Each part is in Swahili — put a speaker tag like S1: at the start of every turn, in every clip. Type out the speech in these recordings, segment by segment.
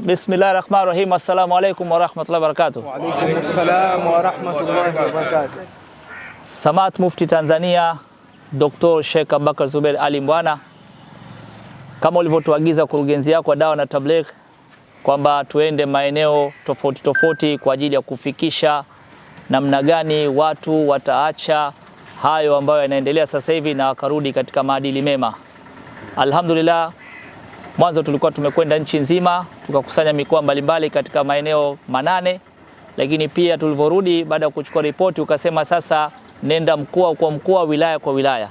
S1: Bismillah rahmani rahim. Assalamu alaikum warahmatullahi wabarakatuh.
S2: Wa alaikum salam warahmatullahi wabarakatuh.
S1: Samat Mufti Tanzania Dr. Sheikh Abubakar Zubeir Ali Mbwana, kama ulivyotuagiza kurugenzi yako wa dawa na tabligh kwamba tuende maeneo tofauti tofauti kwa ajili ya kufikisha namna gani watu wataacha hayo ambayo yanaendelea sasa hivi na wakarudi katika maadili mema. Alhamdulillah Mwanzo tulikuwa tumekwenda nchi nzima tukakusanya mikoa mbalimbali katika maeneo manane, lakini pia tulivyorudi baada ya kuchukua ripoti ukasema sasa nenda mkoa kwa mkoa, wilaya kwa wilaya.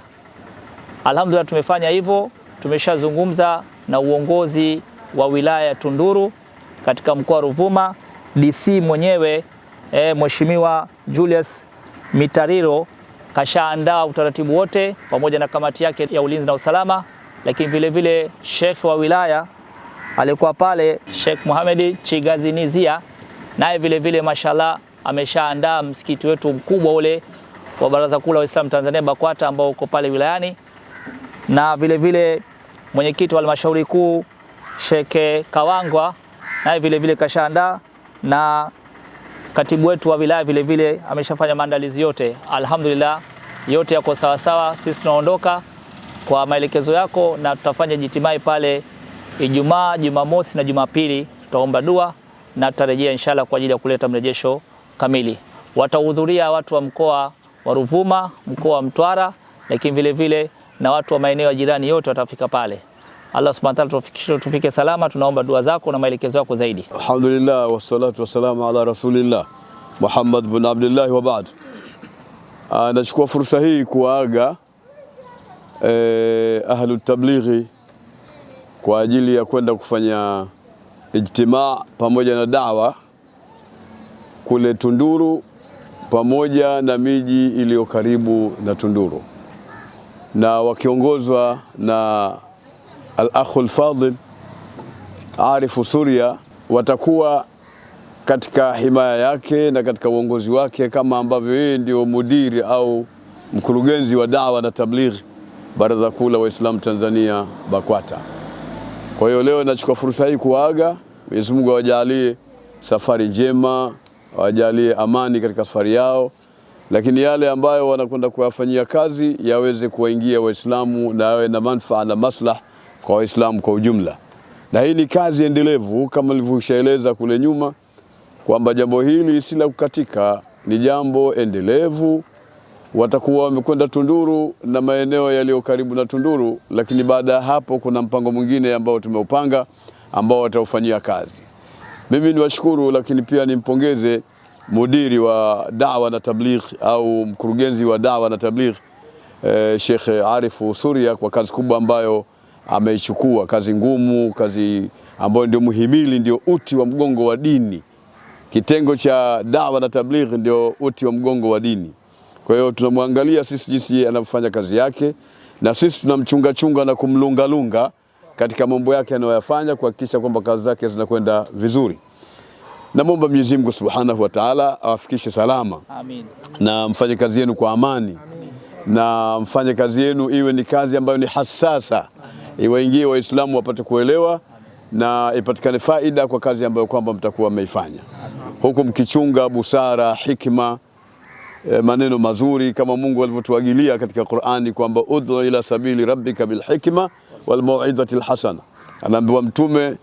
S1: Alhamdulillah, tumefanya hivyo, tumeshazungumza na uongozi wa wilaya ya Tunduru katika mkoa wa Ruvuma, DC mwenyewe e, Mheshimiwa Julius Mitariro kashaandaa utaratibu wote pamoja na kamati yake ya ulinzi na usalama lakini vile vile Sheikh wa wilaya alikuwa pale, Sheikh Muhamedi Chigazinizia naye vile vile mashallah ameshaandaa msikiti wetu mkubwa ule wa Baraza Kuu la Waislamu Tanzania BAKWATA ambao uko pale wilayani, na vile vile mwenyekiti wa halmashauri kuu Sheikh Kawangwa naye vile vile kashaandaa na katibu wetu wa wilaya vile vile ameshafanya maandalizi yote. Alhamdulillah, yote yako sawasawa. Sisi tunaondoka kwa maelekezo yako, na tutafanya jitimai pale Ijumaa, Jumamosi na Jumapili. Tutaomba dua na tutarejea inshallah kwa ajili ya kuleta mrejesho kamili. Watahudhuria watu wa mkoa wa Ruvuma, mkoa wa Mtwara, lakini vile vile na watu wa maeneo ya jirani yote watafika pale. Allah subhanahu wa ta'ala, tufikishe tufike salama. Tunaomba dua zako na maelekezo yako zaidi.
S2: Alhamdulillah wassalatu wassalamu ala rasulillah Muhammad ibn Abdullah wa ba'd. Anachukua ah, fursa hii kuaga eh, Ahlu Tablighi kwa ajili ya kwenda kufanya ijtimaa pamoja na dawa kule Tunduru pamoja na miji iliyo karibu na Tunduru na wakiongozwa na al-akhul fadil Arifu Suria watakuwa katika himaya yake na katika uongozi wake kama ambavyo yeye ndio mudiri au mkurugenzi wa dawa na tablighi. Baraza Kuu la Waislamu Tanzania BAKWATA. Kwa hiyo leo nachukua fursa hii kuaga, Mwenyezi Mungu awajalie safari njema, awajalie amani katika safari yao, lakini yale ambayo wanakwenda kuyafanyia kazi yaweze kuwaingia Waislamu na yawe na manufaa na maslah kwa Waislamu kwa ujumla. Na hii ni kazi endelevu kama nilivyoshaeleza kule nyuma kwamba jambo hili si la kukatika, ni jambo endelevu watakuwa wamekwenda Tunduru na maeneo yaliyo karibu na Tunduru, lakini baada ya hapo kuna mpango mwingine ambao tumeupanga ambao wataufanyia kazi. Mimi niwashukuru, lakini pia nimpongeze mudiri wa dawa na tabligh au mkurugenzi wa dawa na tabligh eh, Sheikh Arifu Suria kwa kazi kubwa ambayo ameichukua, kazi ngumu, kazi ambayo ndio muhimili, ndio uti wa mgongo wa dini. Kitengo cha dawa na tabligh ndio uti wa mgongo wa dini. Kwa hiyo tunamwangalia sisi jinsi yeye anavyofanya kazi yake, na sisi tunamchungachunga na kumlungalunga katika mambo yake anayoyafanya kuhakikisha kwamba kazi zake zinakwenda vizuri. Namwomba Mwenyezi Mungu Subhanahu wa Ta'ala awafikishe salama. Amin. Na mfanye kazi yenu kwa amani. Amin. Na mfanye kazi yenu iwe ni kazi ambayo ni hasasa, iwaingie Waislamu wapate kuelewa na ipatikane faida kwa kazi ambayo kwamba mtakuwa mmeifanya, huku mkichunga busara, hikma e, maneno mazuri kama Mungu alivyotuagilia katika Qur'ani kwamba ud'u ila sabili rabbika bilhikma al hasana Anaambiwa mtume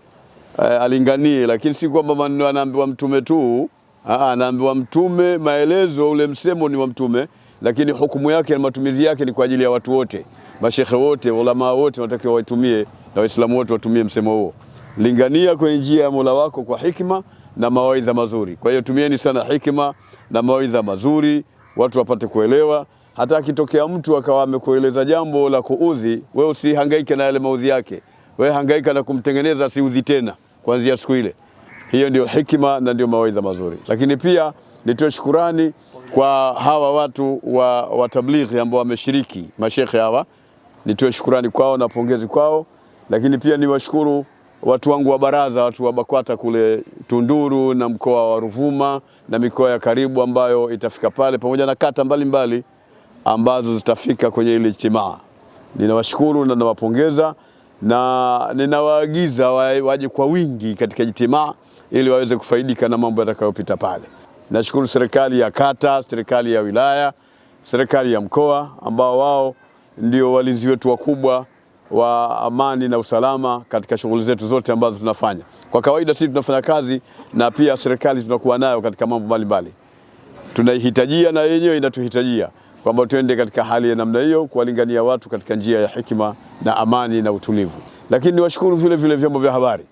S2: e, alinganie, lakini si kwamba maneno anaambiwa mtume tu, anaambiwa mtume maelezo, ule msemo ni wa mtume, lakini hukumu yake na matumizi yake ni kwa ajili ya watu wote, mashehe wote, ulama wote wanatakiwa waitumie na Waislamu wote watumie msemo huo, lingania kwenye njia ya Mola wako kwa hikma na mawaidha mazuri. Kwa hiyo tumieni sana hikima na mawaidha mazuri, watu wapate kuelewa. Hata akitokea mtu akawa amekueleza jambo la kuudhi, we usihangaike na yale maudhi yake, we hangaika na kumtengeneza asiudhi tena kuanzia siku ile. Hiyo ndio hikima na ndio mawaidha mazuri. Lakini pia nitoe shukurani kwa hawa watu wa, wa tablighi ambao wameshiriki, mashekhe hawa, nitoe shukurani kwao na pongezi kwao, lakini pia niwashukuru watu wangu wa baraza, watu wa BAKWATA kule Tunduru na mkoa wa Ruvuma na mikoa ya karibu ambayo itafika pale pamoja na kata mbalimbali mbali, ambazo zitafika kwenye ile ijtimaa. Ninawashukuru na nawapongeza na ninawaagiza waje kwa wingi katika ijtimaa ili waweze kufaidika na mambo yatakayopita pale. Nashukuru serikali ya kata, serikali ya wilaya, serikali ya mkoa ambao wao ndio walinzi wetu wakubwa wa amani na usalama katika shughuli zetu zote ambazo tunafanya. Kwa kawaida sisi tunafanya kazi na pia serikali tunakuwa nayo katika mambo mbalimbali, tunaihitajia na yenyewe inatuhitajia kwamba tuende katika hali ya namna hiyo, kuwalingania watu katika njia ya hikima na amani na utulivu. Lakini niwashukuru vile vile vyombo vya habari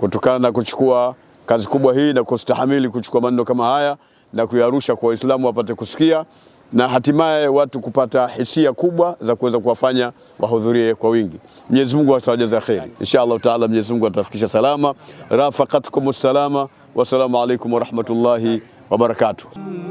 S2: kutokana na kuchukua kazi kubwa hii na kustahamili kuchukua maneno kama haya na kuyarusha kwa Waislamu wapate kusikia na hatimaye watu kupata hisia kubwa za kuweza kuwafanya wahudhurie kwa wingi. Mwenyezi Mungu atawajaza kheri inshallah taala. Mwenyezi Mungu atafikisha salama. rafakatkum salama, wassalamu alaikum warahmatullahi wabarakatuh.